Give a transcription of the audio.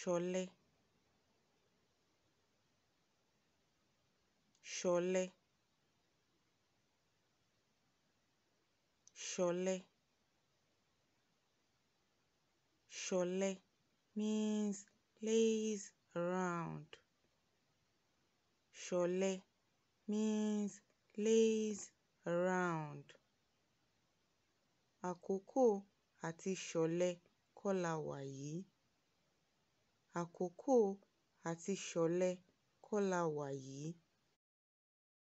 ṣọlẹ ṣọlẹ ṣọlẹ ṣọlẹ means lays around ṣọlẹ means lays around àkókò àti ṣọlẹ kọ́ la wà àkókò àti ṣọ̀lẹ kọ́ la wà yìí